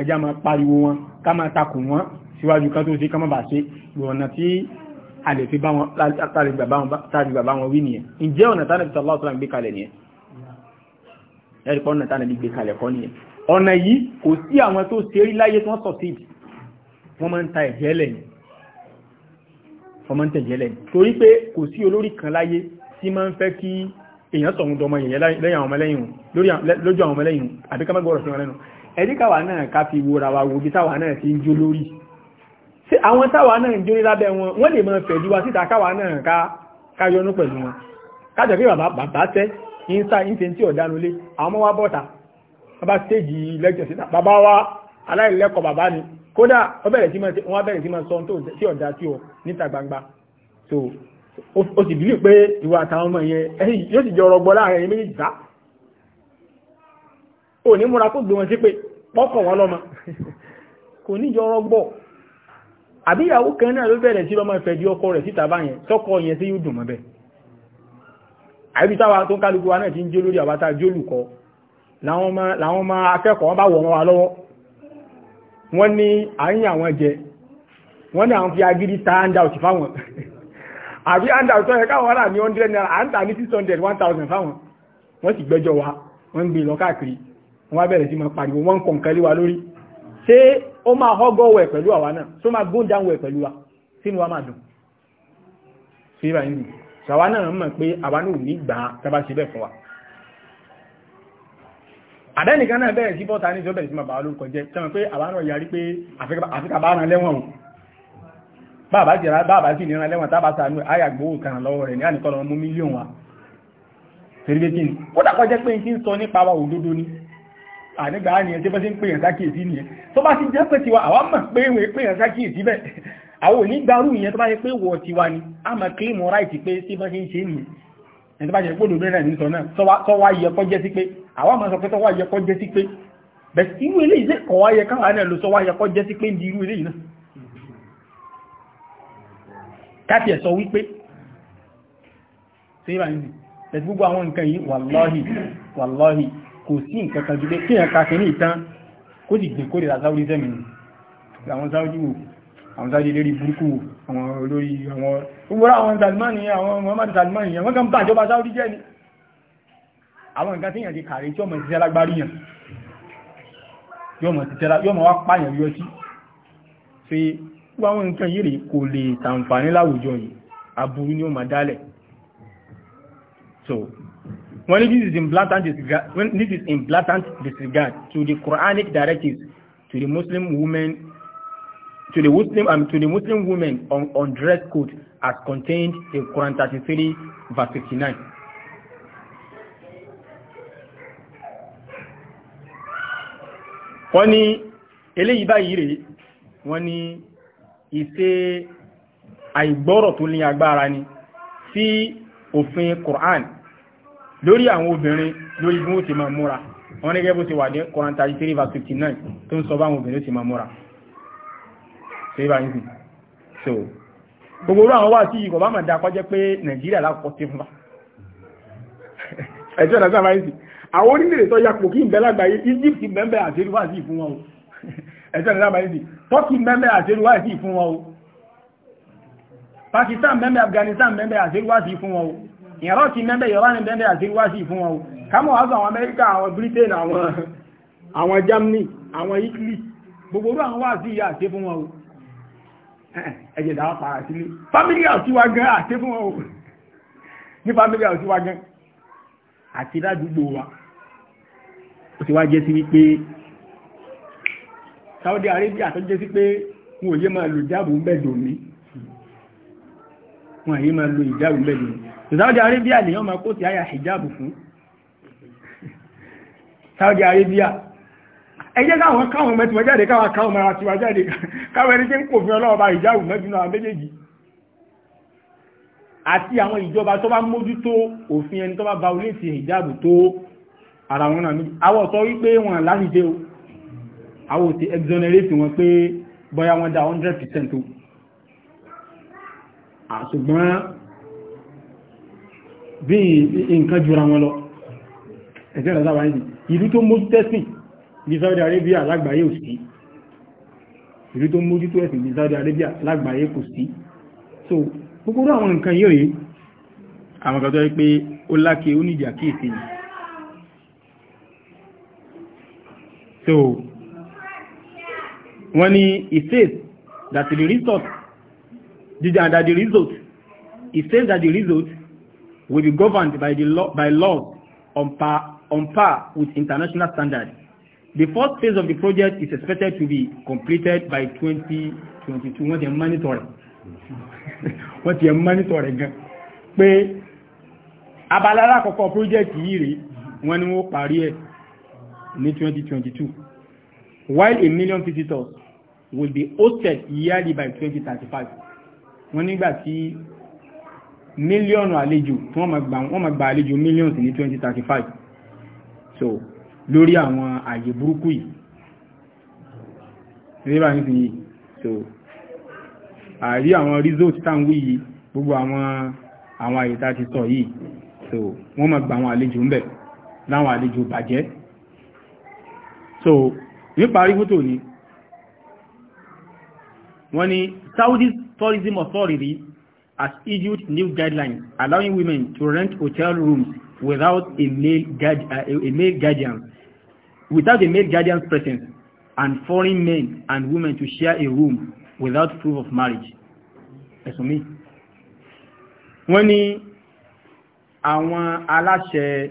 A: ẹjá máa pariwo wọn ká máa takò wọn síwájú ká tó ṣe ká máa bà ṣe ọ̀nà tí a lè fi tàbígbà wọn wí nìyẹn ǹjẹ́ ọ̀nà tánàbí sallallahu alaihi gbé kalẹ̀ nìyẹn ẹ̀rìkọ́ ọ̀nà tánàbí gbé kalẹ̀ kọ́ nìyẹn ọ̀nà yìí kò sí àwọn tó ṣe rí láyé tí wọ́n sọ sí ìdí wọ́n máa ń ta ẹ̀jẹ̀ lẹ́yìn wọ́n máa ń tẹ̀jẹ̀ lẹ́yìn torí pé kò sí olórí kan láyé tí máa ń fẹ́ kí èèyàn sọ̀run dọmọ èèyàn lẹ́yìn àwọn ọmọlẹ́yìn lójú àwọn ọmọlẹ́yìn àbí ká má gbọ́rọ̀ sí wọn lẹ́nu ẹ̀dí káwa náà ká fi wora wa wo bí táwa náà ti ń jó lórí sí àwọn táwa náà ń jó ní lábẹ́ wọn wọ́n lè máa fẹ̀jú wa síta káwa náà ká yọnú pẹ̀lú wọn kájọ pé bàbá tẹ́ ń sá ń ṣe tí ọ̀dánulé àwọn ọmọ wa bọ́ta bàbá stéèjì lẹ́jọ̀ síta bàbá wa aláìlẹ́kọ̀ọ́ bàbá ni kódà wọ́n bẹ̀rẹ̀ sí máa sọ tó sí ọ̀dà tí ọ níta gbangba so ó sì bìlí pé ìwà àtàwọn ọmọ yẹn ẹ̀yìn yóò sì jẹ ọ̀rọ̀ gbọ́ láàrin ẹ̀yìn méjì dá ò ní múra kó gbé wọn sí pé pọ́kọ̀ wọn lọ́mọ kò ní jọ ọ̀rọ̀ gbọ́ àbí ìyàwó kan náà ló bẹ̀rẹ̀ sí lọ́mọ ìfẹ́ di ọkọ rẹ̀ síta báyẹn tọkọ yẹn sí yóò dùn mọ́ bẹ́ẹ̀ àbí táwa tó ń kálukú wa náà ti ń jẹ́ lórí àbátá jólùkọ́ láwọn ọmọ akẹ́kọ̀ọ́ bá wọ̀ wọ́n wa lọ́wọ́ wọ́n ní àyín àwọn jẹ wọ́n ní àwọn fi agídí ta handout fáwọn àbí handout tó yẹ káwọn rà ní 100 naira à ń tà ní 600 1000 fáwọn wọ́n sì gbẹ́jọ́ wa wọ́n ń gbé lọ káàkiri wọ́n wá bẹ̀rẹ̀ sí máa pariwo wọ́n ń kọ̀ǹkan lé wa lórí ṣé ó máa họ́gọ́ wẹ̀ pẹ̀lú àwa náà tó mọ̀ pé àwa ò ní gbà á tábà ṣe fún wa àdẹ́nìkan náà bẹ̀rẹ̀ sí bọ́ta ní ìṣọ́bẹ̀rẹ̀ sí ma bàá lórúkọ jẹ́ tẹ́mọ̀ pé àbáràn yarí pé àfíkà bá ràn lẹ́wọ̀n o bàbá ti ra bàbá sì níran lẹ́wọ̀n tábà sàánú ayàgbówó kan lọ́wọ́ rẹ̀ ní àníkọ́lọ́ mú mílíọ̀n wa tẹ̀lébẹ́kìn ó dàkọ́ jẹ́ pé kí ń sọ nípa wa òdodo ni ànígbà á nìyẹn tí bá sí ń pè yàn sákìyèsí nìyẹn tó bá sì jẹ́ pé tiwa àwa mọ̀ pé wọ́n pè yàn sákìyèsí bẹ́ẹ̀ àwọn onígbàrú ìyẹn tó bá jẹ́ pé wọ̀ tiwa a mọ̀ kí mo ráìtì pé tí bá sí ń ṣe nìyẹn ẹni tó bá jẹ́ pé olùbẹ́rẹ̀ ní sọ náà àwọn àmọ́ sọ pé tọ́wọ́ ayẹkọ́ jẹ́ sí pé bẹ̀sí inú ilé ìṣẹ́ kọ̀ wáyẹ káwà náà ló sọ wáyẹ kọ́ jẹ́ sí pé ń di irú ilé yìí náà káti ẹ̀ sọ wípé ṣe ìrànlẹ̀ ẹ̀sì gbogbo àwọn nǹkan yìí wàlọ́hì wàlọ́hì kò sí nǹkan kan jùlọ kí ẹ̀ka kìíní ìtàn kó sì gbé kórè àsáwọ́dí sẹ́mi àwọn sáwọ́dí wò àwọn sáwọ́dí lórí burúkú àwọn olórí àwọn gbogbo àwọn Salman àwọn àwọn nǹkan tí yàn ti kàrí tí ọmọ ìṣẹ́ lágbárí yàn yóò mọ̀ wá pààyàn yọ sí fi gbogbo nǹkan yìí rí kò lè tàǹfààní láwùjọ yìí aburú ni ó máa dálẹ̀ so when this is in blatant disregard this is in disregard to the Quranic directives to the Muslim women to the Muslim um, to the Muslim women on, on dress code as contained in Quran 33 verse 59 wọ́n ní eléyìí báyìí rèé wọ́n ní ìṣe àìgbọ́rọ̀ tó ní agbára ni sí òfin Qur'an lórí àwọn obìnrin lórí bí wọ́n ti máa múra wọ́n ní gẹ́gẹ́ ti wà ní Quran 33 verse 59 tó ń sọ báwọn obìnrin ti máa múra ṣe bá yìí so gbogbo orú àwọn wá sí ìkọ̀ bá máa kọjẹ́ pé Nàìjíríà lákọ̀ọ́ ti fún wa ẹjọ́ ìdásáwáyìí àwọn orílẹ̀-èdè tó yapò kí ìbẹ́ lágbàáyé Egypt mẹ́mbẹ́ àtẹ́rúwá sí ìfún wọn o ẹ̀sẹ̀ rẹ̀ lágbàáyé sí Turkey mẹ́mbẹ́ àtẹ́rúwá sí ìfún wọn o Pakistan mẹ́mbẹ́ Afghanistan mẹ́mbẹ́ àtẹ́rúwá sí ìfún wọn o Iraq mẹ́mbẹ́ Iran mẹ́mbẹ́ àtẹ́rúwá sí ìfún wọn o kámọ̀ wá sọ àwọn Amẹ́ríkà àwọn Britain àwọn àwọn Germany àwọn Italy gbogbo orú àti fún wọn o ẹ̀jẹ̀ dáwà pàrà sílé family house wa gan àti fún o ní family house wa gan àti ládùúgbò wa ó ti wá jẹ́ sí wípé Saudi Arabia tó jẹ́ sí pé wọn ò yé máa lo ìjáàbù mẹ́dùn mi wọn àyè máa lo ìjáàbù mẹ́dùn mi Saudi Arabia lèyàn máa kó sí àyà ìjáàbù fún Saudi Arabia ẹjẹ́ káwọn káwọn mẹ́tí wọ́n jáde káwọn káwọn mara tí wọ́n jáde káwọn ẹni tí ń kò fi ọlọ́ọ̀bá ìjáàbù mẹ́bí méjèèjì àti àwọn ìjọba tó bá mójútó òfin ẹni tó bá ba olóòtú ìjáàbù tó ara wọn náà méjì àwọ̀ sọ wípé wọn láṣìṣe o àwọ̀ ti exonerate wọn pé bóyá wọn dá 100% o àṣùgbọ́n bí nǹkan jura wọn lọ ẹ̀sẹ̀ rẹ̀ sábà nìyí ìlú tó mójú tẹ́sìn ní Saudi Arabia lágbàáyé ò sí ìlú tó mójú tó ẹ̀sìn ní Saudi Arabia lágbàáyé kò sí so gbogbo àwọn nǹkan yóò yìí àwọn kan tó rí pé ó lákè ó níjà kíyèsí ni so when ní he says that the result that the result he says that the result will be governed by the law by laws on par on par with international standards the first phase of the project is expected to be completed by 2022 wọ́n ti ẹ̀ mánítọ̀ rẹ̀ wọ́n ti ẹ̀ mánítọ̀ rẹ̀ gan pé project yìí when we ní wọ́n ní 2022 while a million visitors will be hosted yearly by 2035 wọ́n nígbà tí mílíọ̀nù àlejò tí wọ́n máa gba àlejò millions ní 2035 so lórí àwọn àyè burúkú yìí nígbà ní yìí so àrí àwọn result táwọn yìí gbogbo àwọn àwọn àyè tá ti sọ yìí so wọ́n máa gba àwọn àlejò ń bẹ̀ láwọn àlejò bàjẹ́ so níparí fótò ní wọ́n ní Saudi Tourism Authority has issued new guidelines allowing women to rent hotel rooms without a male, guard, uh, a male guardian without a male guardian's presence and foreign men and women to share a room without proof of marriage ẹ̀sùn mi wọ́n ní àwọn aláṣẹ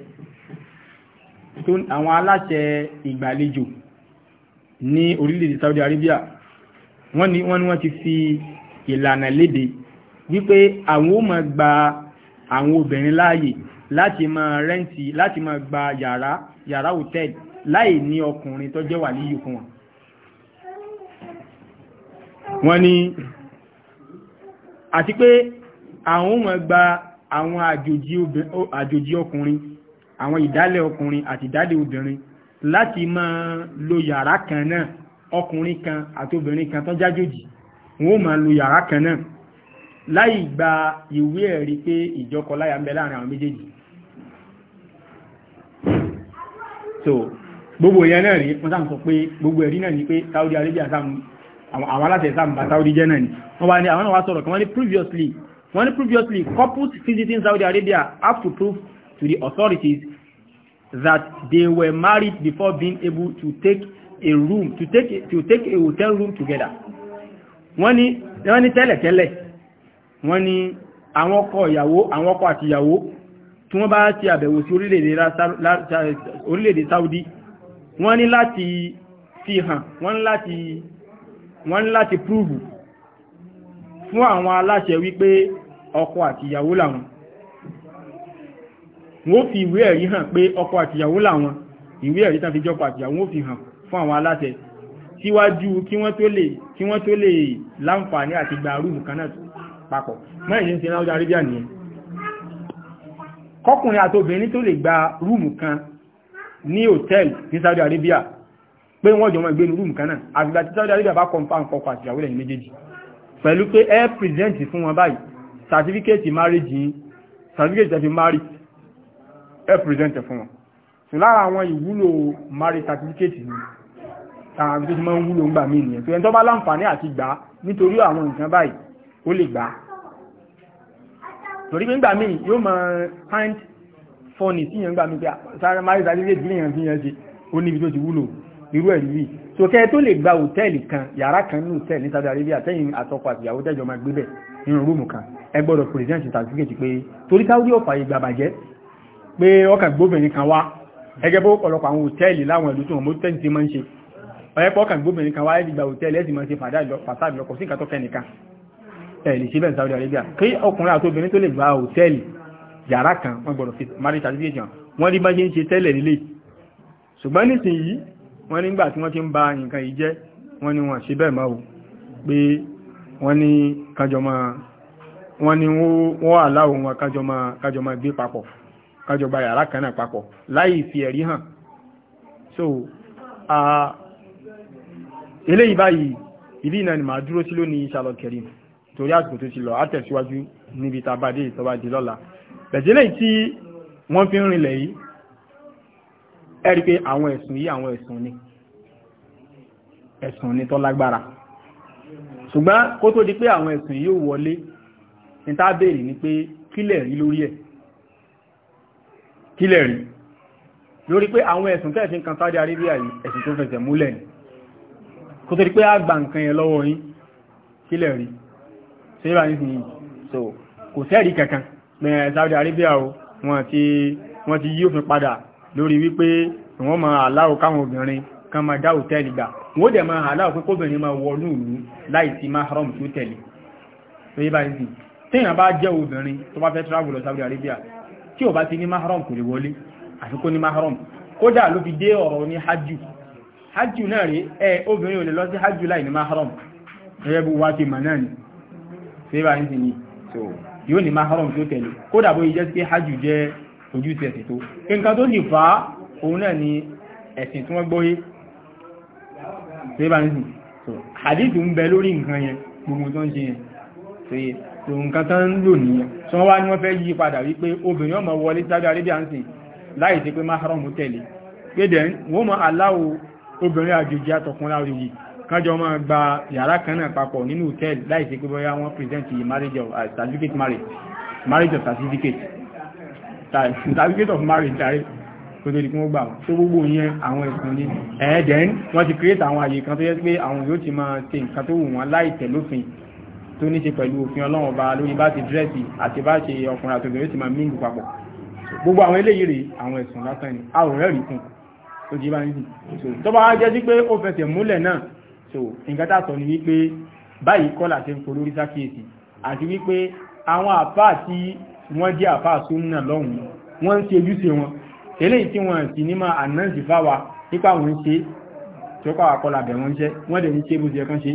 A: àwọn aláṣẹ ìgbàlejò ní orílẹ̀-èdè Saudi Arabia wọ́n ní wọ́n ní wọ́n ti fi ìlànà léde wípé àwọn ó máa gba àwọn obìnrin láàyè láti máa rẹ́ǹtì láti máa gba yàrá yàrá hòtẹ́ẹ̀lì láì ní ọkùnrin tó jẹ́ wàlíyù fún wọn wọ́n ní àti pé àwọn ó máa gba àwọn àjòjì ọkùnrin àwọn ìdálẹ̀ ọkùnrin àti ìdálẹ̀ obìnrin láti máa lo yàrá kan náà ọkùnrin kan àti obìnrin kan tó jájòjì wọn ó lo yàrá kan náà láì gba ìwé ẹ̀rí pé ìjọkọ láyà ń bẹ láàrin àwọn méjèèjì so gbogbo ìyẹn náà rí wọ́n sáà sọ pé gbogbo ẹ̀rí náà ni pé Saudi Arabia sáà àwọn aláṣẹ sáà ń Saudi jẹ́ náà ni wọ́n bá ní àwọn náà wá sọ̀rọ̀ kan wọ́n ní previously wọ́n ní previously couples visiting Saudi Arabia have to prove to the authorities that they were married before being able to take a room to take to take a hotel room together wọ́n ní wọ́n ní tẹ́lẹ̀tẹ́lẹ̀ wọ́n ní àwọn ọkọ ìyàwó àwọn ọkọ àti ìyàwó tí wọ́n bá ti àbẹ̀wò sí orílẹ̀-èdè Saudi wọ́n ní láti fi hàn wọ́n ní láti wọ́n ní láti prove fún àwọn aláṣẹ wípé ọkọ àti ìyàwó làwọn wọ́n fi ìwé ẹ̀rí hàn pé ọkọ àtìyàwó làwọn ìwé ẹ̀rí tán fi jọ́kọ àtìyàwó wọ́n fi hàn fún àwọn aláṣẹ síwájú kí wọ́n tó lè kí wọ́n tó lè láǹfààní àti gba rúùmù kan náà papọ̀ mẹ́rin ń ṣe náà arábíà nìyẹn kọkùnrin àtobìnrin tó lè gba rúùmù kan ní hòtẹ́ẹ̀lì ní Saudi Arabia pé wọ́n jọ mọ́ ìgbénu rúùmù kan náà àgbà tí Saudi Arabia bá confam kọkọ àtìyàwó lẹ́yìn méjèèjì pẹ̀lú pé air present fún wọn báyìí certificate marriage yìí certificate of marriage ẹ present ẹ fún wọn so lára àwọn ìwúlò marriage certificate ni àwọn tó ti máa ń wúlò ń gbà mí nìyẹn so ẹni tó bá láǹfààní àti gbà nítorí àwọn nǹkan báyìí ó lè gbà torí pé ńgbà míì yóò máa hand fọ́ọ̀nì tí yẹn ń gbà mí pé sáré marriage certificate bí èèyàn fi yẹn ṣe ó níbi tó ti wúlò irú ẹ̀rí yìí so kẹ́ tó lè gba hòtẹ́ẹ̀lì kan yàrá kan ní hòtẹ́ẹ̀lì ní Saudi Arabia tẹ́yìn àtọkọ àtìyàwó tẹ́jọ máa gbé bẹ̀ nínú rúùmù kan ẹ gbọ́dọ̀ present certificate pé torí Saudi ọ̀fà ìgbàbàjẹ́ pé ọkà gbóbìnrin kan wá ẹgẹ́ bó pọ̀lọpọ̀ àwọn hòtẹ́ẹ̀lì láwọn ìlú tí wọ́n mọ́tẹ́ni ti máa ń ṣe ọ̀yẹ́pọ̀ ọkà gbóbìnrin kan wá ẹ́ dìgbà hòtẹ́ẹ̀lì ẹ̀sì máa ṣe fàtàdì lọ́kọ̀ sí ìkàtọ́ kẹ́nìkan ẹ̀lì síbẹ̀ Saudi Arabia kí ọkùnrin àti obìnrin tó lè gba hòtẹ́ẹ̀lì yàrá kan wọ́n gbọ́dọ̀ fi marital litigation wọ́n rí bá ṣe ń ṣe tẹ́lẹ̀ nílé ṣùgbọ́n nísìnyí wọ́n nígbà tí wọ́n ti ń ba nǹkan yìí jẹ́ wọ́n ní wọ́n ṣe bẹ́ẹ̀ máa wò pé wọ́n ní kájọ máa wọ́n ní wọ́n aláwọ̀ wọn kájọ máa gbé papọ̀ kájọba yàrá kan náà papọ̀ láì fi ẹ̀rí hàn so eléyìí báyìí ìdí ìnáni màá dúró sí lónìí inshallah karim torí àsìkò tó ti lọ àtẹ̀síwájú níbi tàbádé ìtọ́bádé lọ́la bẹ̀jẹ̀lẹ̀ tí wọ́n fi ń rinlẹ̀ yìí ẹ̀rí pé àwọn ẹ̀sùn yìí àwọn ẹ̀sùn ni ẹ̀sùn ni tó lágbára ṣùgbọ́n kó tó di pé àwọn ẹ̀sùn yìí ò wọlé ní tá béèrè ni pé kílẹ̀ rí lórí ẹ̀ kílẹ̀ rí lórí pé àwọn ẹ̀sùn tẹ́ẹ̀ fi ń kan Saudi Arabia yìí ẹ̀sùn tó fẹsẹ̀ múlẹ̀ ni kò tó di pé àgbà nǹkan yẹn lọ́wọ́ yín kílẹ̀ rí ṣe bá yín yìí so kò sẹ́ẹ̀rí kankan ní Saudi Arabia o wọ́n ti wọ́n ti yí òfin padà lórí wípé wọ́n máa aláwò káwọn obìnrin kan máa dá òtẹ́ẹ̀lì gbà wọ́n dẹ̀ máa aláwò pé kóbìnrin máa wọnú bá jẹ́ obìnrin tó bá fẹ́ travel lọ Saudi Arabia tí ò bá ti ní mahram kò lè wọlé àfi kó ní mahram kódà ló fi dé ọ̀rọ̀ ní hajj hajj náà rí ẹ obìnrin ò lè lọ sí hajj láì ní mahram gẹ́gẹ́ bí wá ti mà náà ni ṣé bá ń sìn yìí so yóò ní mahram tó tẹ̀lé kódà bó jẹ́ pé hajj jẹ́ ojúṣe ẹ̀sìn tó nǹkan tó sì fà á òun náà ni ẹ̀sìn tí wọ́n gbọ́yé ṣé bá ń sìn so hadith ń bẹ lórí nǹkan yẹn gbogbo tó ń ṣe yẹn nǹkan tán ń lò ní ṣán wá ní wọ́n fẹ́ yí padà wípé obìnrin ọmọ wọlé sáájú arábíà ń sìn láì sí pé mahram tẹ̀lé pé dẹ̀ wọ́n mọ́ aláwò obìnrin àjòjì àtọkùnrin àjòjì kánjọ máa gba yàrá marriage uh, certificate marriage marriage certificate of marriage tàrí tó tó di kí wọ́n gbà eh, create àwọn àyè tó ní ṣe pẹ̀lú òfin ọlọ́run ọba lórí bá ti dírẹ́sì àti bá ṣe ọkùnrin àti obìnrin ti máa mingle papọ̀ gbogbo àwọn eléyìí rèé àwọn ẹ̀sùn lásán ni a ò rẹ́rìí fún tó jí bá ń sìn tó bá jẹ́ sí pé ó fẹsẹ̀ múlẹ̀ náà so nǹkan tá a sọ ni wípé báyìí kọ́là ṣe ń polú rí sákìyèsí àti wípé àwọn àpá tí wọ́n jẹ́ àpá súnmọ́ lọ́hùn wọ́n ń ṣe ojúṣe wọn eléyìí tí wọ́n sì ní máa ànáǹsì fáwa nípa àwọn ń ṣe tó pàwàkọ́lá bẹ̀ wọ́n ń ṣe wọ́n dẹ̀ ń ṣe bó ṣe kan ṣe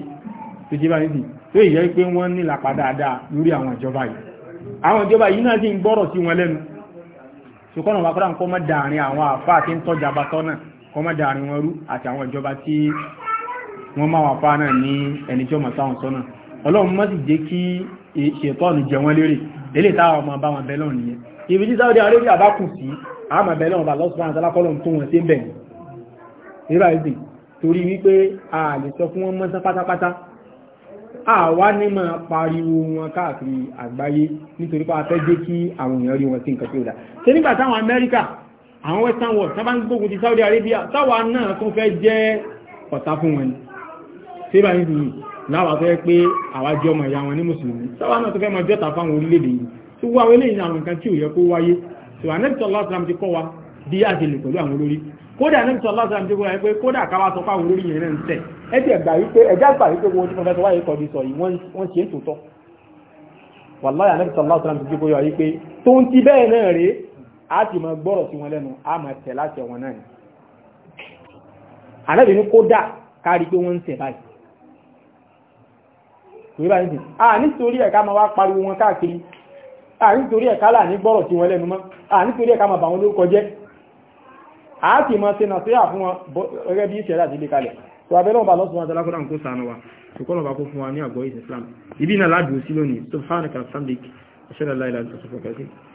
A: tó jí bá ń sìn tó ìyẹ́ pé wọ́n ní lápá dáadáa lórí àwọn ìjọba yìí àwọn ìjọba yìí náà sì ń gbọ́rọ̀ sí wọn lẹ́nu ṣùkọ́nà wà kọ́ra kọ́ mọ́ dàárín àwọn àfáà tí ń tọ́jà bá tọ́nà kọ́ mọ́ dàárín wọn rú àti àwọn ìjọba tí wọ́n máa wà fáà náà ní ẹni tí ó mọ̀ sáwọn sọ́nà ọlọ́run mọ́ sì jẹ́ kí ṣètọ́nù jẹ wọ́n lérè lélè táwọn ọmọ bá wọn bẹ́lọ̀ nìyẹn ibi tí Saudi Arabia bá kù sí àmà bẹ́lọ̀ ọba lọ́sùn àti alákọ́lọ̀ tó wọn sí bẹ̀rẹ̀ nígbà ìsìn torí wípé a sọ fún wọn mọ́sán pátápátá àwa ní máa pariwo wọn káàkiri àgbáyé nítorí pé a fẹ́ jẹ́ kí àwọn èèyàn rí wọn sí nǹkan tí ó dá ṣe nígbà táwọn Amẹ́ríkà àwọn Western world tán ń gbógun ti Saudi Arabia táwa náà tún fẹ́ jẹ́ ọ̀tá fún wọn ni ṣé bá ní sùn láwa tó yẹ pé àwa jẹ́ ọmọ ìyá wọn ní mùsùlùmí táwa náà tó fẹ́ máa jọ́ta fáwọn orílẹ̀-èdè yìí tó wá wọlé ìyá àwọn nǹkan tí ò yẹ kó wáyé tó anẹ́bìtọ̀ lọ́sàrán ti kọ́ wa bí a pẹ̀lú àwọn olórí kódà anẹ́bìtọ̀ lọ́sàrán ti kọ́ wa pé kódà káwa sọ fáwọn olórí yẹn náà ń tẹ̀ ẹ̀jẹ̀ gbà wípé ẹ̀jẹ̀ gbà wípé wọn tí mo fẹ́ sọ wáyé kọ́ di sọ yìí wọ́n ṣe é tòótọ́ wàláyà náà sọ̀rọ̀ láti rántí gbogbo yọ̀ wípé tó ń ti bẹ́ẹ̀ náà rèé a ti mọ gbọ́rọ̀ sí wọn lẹ́nu a máa tẹ̀ láti ẹ̀wọ̀n náà ni àlẹ́bìn ní kó dà kárí pé wọ́n ń tẹ̀ báyìí kò rí báyìí sìn a nítorí ẹ̀ká máa wá pariwo wọn káàkiri a nítorí ẹ̀ká là ní gbọ́rọ̀ sí wọn lẹ́nu mọ́ a nítorí ẹ̀ká máa bà wọn lórúkọ jẹ́ a ti mọ ṣe nàṣẹ́yà fún wọn gẹ́gẹ́ bí ìṣẹ̀lẹ̀ àti ilé tó abẹ́lẹ́ ọba lọ́sùn wa tẹ́lákọ́dá nǹkó sànù wa ṣùkọ́ lọ́ba kó fún wa Islam ibi náà ládùú sí lónìí subhanaka samdik ashhadu an la ilaha illa anta